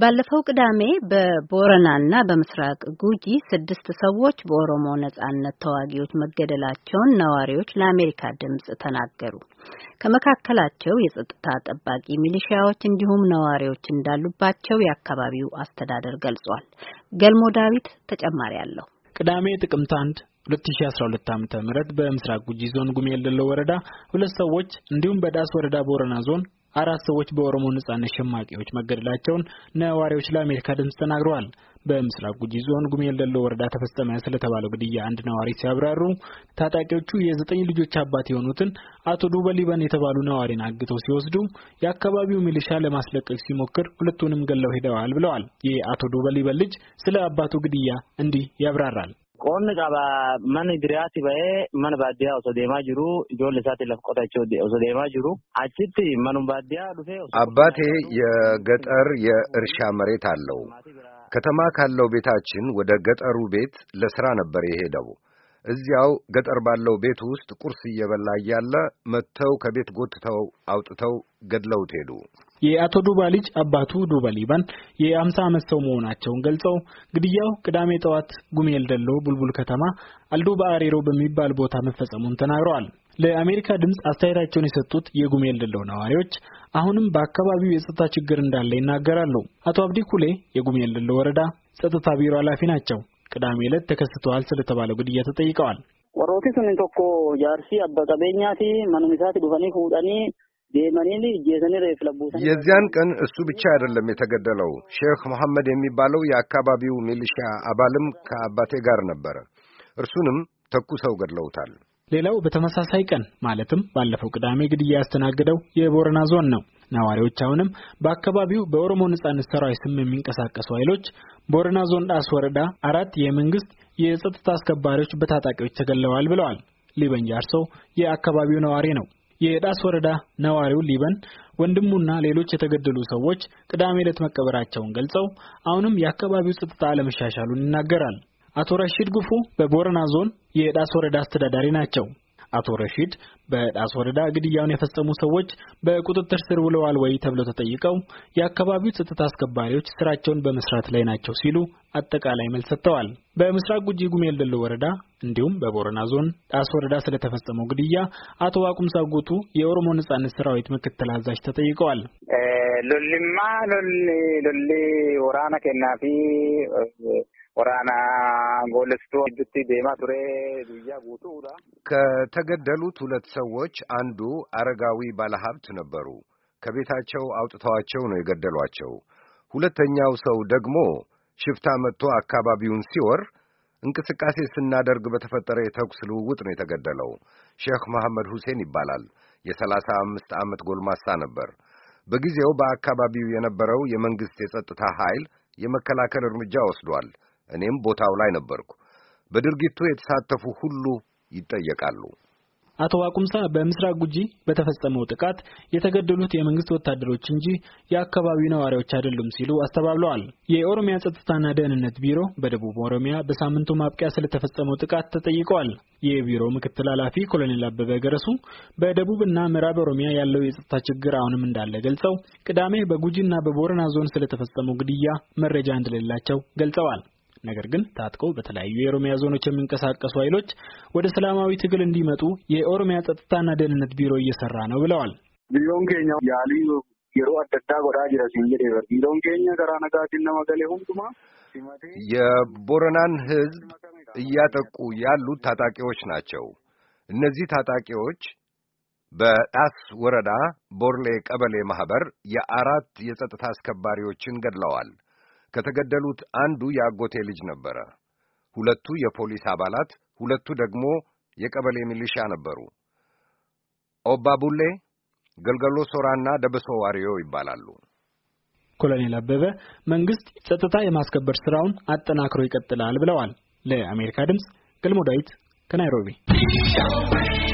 ባለፈው ቅዳሜ በቦረናና በምስራቅ ጉጂ ስድስት ሰዎች በኦሮሞ ነጻነት ተዋጊዎች መገደላቸውን ነዋሪዎች ለአሜሪካ ድምጽ ተናገሩ። ከመካከላቸው የጸጥታ ጠባቂ ሚሊሺያዎች እንዲሁም ነዋሪዎች እንዳሉባቸው የአካባቢው አስተዳደር ገልጿል። ገልሞ ዳዊት ተጨማሪ አለው። ቅዳሜ ጥቅምት አንድ 2012 ዓ.ም በምስራቅ ጉጂ ዞን ጉሜ የሌለው ወረዳ ሁለት ሰዎች እንዲሁም በዳስ ወረዳ ቦረና ዞን አራት ሰዎች በኦሮሞ ነጻነት ሸማቂዎች መገደላቸውን ነዋሪዎች ለአሜሪካ ድምፅ ተናግረዋል። በምስራቅ ጉጂ ዞን ጉሜ የሌለ ወረዳ ተፈጸመ ስለተባለው ግድያ አንድ ነዋሪ ሲያብራሩ ታጣቂዎቹ የዘጠኝ ልጆች አባት የሆኑትን አቶ ዱበሊበን የተባሉ ነዋሪን አግተው ሲወስዱ የአካባቢው ሚሊሻ ለማስለቀቅ ሲሞክር ሁለቱንም ገለው ሄደዋል ብለዋል። የአቶ ዱበሊበን ልጅ ስለ አባቱ ግድያ እንዲህ ያብራራል። qonni qaba mana Hidiraatti ba'ee mana baadiyyaa osoo deemaa jiru ijoollee isaati lafa qotachuu osoo deemaa jiru achitti manuma baadiyyaa dhufee. Abbaatee የገጠር የእርሻ መሬት አለው። ከተማ ካለው ቤታችን ወደ ገጠሩ ቤት ለስራ ነበር የሄደው። እዚያው ገጠር ባለው ቤት ውስጥ ቁርስ እየበላ እያለ መጥተው ከቤት ጎትተው አውጥተው ገድለውት ሄዱ። የአቶ ዱባ ልጅ አባቱ ዱባ ሊባን የአምሳ ዓመት ሰው መሆናቸውን ገልጸው ግድያው ቅዳሜ ጠዋት ጉሜል ደሎ ቡልቡል ከተማ አልዱባ አሪሮ በሚባል ቦታ መፈጸሙን ተናግረዋል። ለአሜሪካ ድምፅ አስተያየታቸውን የሰጡት የጉሜል ደሎ ነዋሪዎች አሁንም በአካባቢው የጸጥታ ችግር እንዳለ ይናገራሉ። አቶ አብዲ ኩሌ የጉሜል ደሎ ወረዳ ጸጥታ ቢሮ ኃላፊ ናቸው። ቅዳሜ ዕለት ተከስተዋል ስለተባለው ግድያ ተጠይቀዋል። ወሮቲ ሱኒ ቶኮ ጃርሲ አባ መኑሚሳት ዱፈኒ ሁጠኒ የዚያን ቀን እሱ ብቻ አይደለም የተገደለው። ሼክ መሐመድ የሚባለው የአካባቢው ሚሊሻ አባልም ከአባቴ ጋር ነበረ። እርሱንም ተኩሰው ገድለውታል። ሌላው በተመሳሳይ ቀን ማለትም ባለፈው ቅዳሜ ግድያ ያስተናገደው የቦረና ዞን ነው። ነዋሪዎች አሁንም በአካባቢው በኦሮሞ ነጻነት ሰራዊት ስም የሚንቀሳቀሱ ኃይሎች ቦረና ዞን ዳስ ወረዳ አራት የመንግስት የጸጥታ አስከባሪዎች በታጣቂዎች ተገለዋል ብለዋል። ሊበን ጃርሶ የአካባቢው ነዋሪ ነው። የዳስ ወረዳ ነዋሪው ሊበን ወንድሙና ሌሎች የተገደሉ ሰዎች ቅዳሜ ዕለት መቀበራቸውን ገልጸው አሁንም የአካባቢው ጸጥታ አለመሻሻሉን ይናገራል። አቶ ረሺድ ጉፉ በቦረና ዞን የዳስ ወረዳ አስተዳዳሪ ናቸው። አቶ ረሺድ በዳስ ወረዳ ግድያውን የፈጸሙ ሰዎች በቁጥጥር ስር ውለዋል ወይ ተብለው ተጠይቀው የአካባቢው ጸጥታ አስከባሪዎች ስራቸውን በመስራት ላይ ናቸው ሲሉ አጠቃላይ መልስ ሰጥተዋል። በምስራቅ ጉጂ ጉሜል ደሎ ወረዳ እንዲሁም በቦረና ዞን ዳስ ወረዳ ስለተፈጸመው ግድያ አቶ ዋቁምሳ ጉቱ የኦሮሞ ነጻነት ሰራዊት ምክትል አዛዥ ተጠይቀዋል። lollimmaa lolli lolli waraana kennaa fi ወራና ጎለስቶ እጅት ዴማ ቱሬ ከተገደሉት ሁለት ሰዎች አንዱ አረጋዊ ባለሀብት ነበሩ። ከቤታቸው አውጥተዋቸው ነው የገደሏቸው። ሁለተኛው ሰው ደግሞ ሽፍታ መጥቶ አካባቢውን ሲወር እንቅስቃሴ ስናደርግ በተፈጠረ የተኩስ ልውውጥ ነው የተገደለው። ሼክ መሐመድ ሁሴን ይባላል። የሰላሳ አምስት ዓመት ጎልማሳ ነበር። በጊዜው በአካባቢው የነበረው የመንግሥት የጸጥታ ኃይል የመከላከል እርምጃ ወስዷል። እኔም ቦታው ላይ ነበርኩ። በድርጊቱ የተሳተፉ ሁሉ ይጠየቃሉ። አቶ ዋቁምሳ በምስራቅ ጉጂ በተፈጸመው ጥቃት የተገደሉት የመንግስት ወታደሮች እንጂ የአካባቢው ነዋሪዎች አይደሉም ሲሉ አስተባብለዋል። የኦሮሚያ ጸጥታና ደህንነት ቢሮ በደቡብ ኦሮሚያ በሳምንቱ ማብቂያ ስለተፈጸመው ጥቃት ተጠይቀዋል። የቢሮ ምክትል ኃላፊ ኮሎኔል አበበ ገረሱ በደቡብና ምዕራብ ኦሮሚያ ያለው የጸጥታ ችግር አሁንም እንዳለ ገልጸው ቅዳሜ በጉጂና በቦረና ዞን ስለተፈጸመው ግድያ መረጃ እንደሌላቸው ገልጸዋል። ነገር ግን ታጥቀው በተለያዩ የኦሮሚያ ዞኖች የሚንቀሳቀሱ ኃይሎች ወደ ሰላማዊ ትግል እንዲመጡ የኦሮሚያ ጸጥታና ደህንነት ቢሮ እየሰራ ነው ብለዋል። ቢሮን ኬኛ ያሊ የሮ አደዳ ጎዳ ጅረሲን ቢሮን ኬኛ ገራ ነጋቲን ነመገሌ ሁንቱማ የቦረናን ህዝብ እያጠቁ ያሉት ታጣቂዎች ናቸው። እነዚህ ታጣቂዎች በጣስ ወረዳ ቦርሌ ቀበሌ ማህበር የአራት የጸጥታ አስከባሪዎችን ገድለዋል። ከተገደሉት አንዱ የአጎቴ ልጅ ነበረ። ሁለቱ የፖሊስ አባላት፣ ሁለቱ ደግሞ የቀበሌ ሚሊሻ ነበሩ። ኦባ ቡሌ፣ ገልገሎ ሶራና ደበሶ ዋሪዮ ይባላሉ። ኮሎኔል አበበ መንግስት ጸጥታ የማስከበር ስራውን አጠናክሮ ይቀጥላል ብለዋል። ለአሜሪካ ድምፅ ገልሞ ዳዊት ከናይሮቢ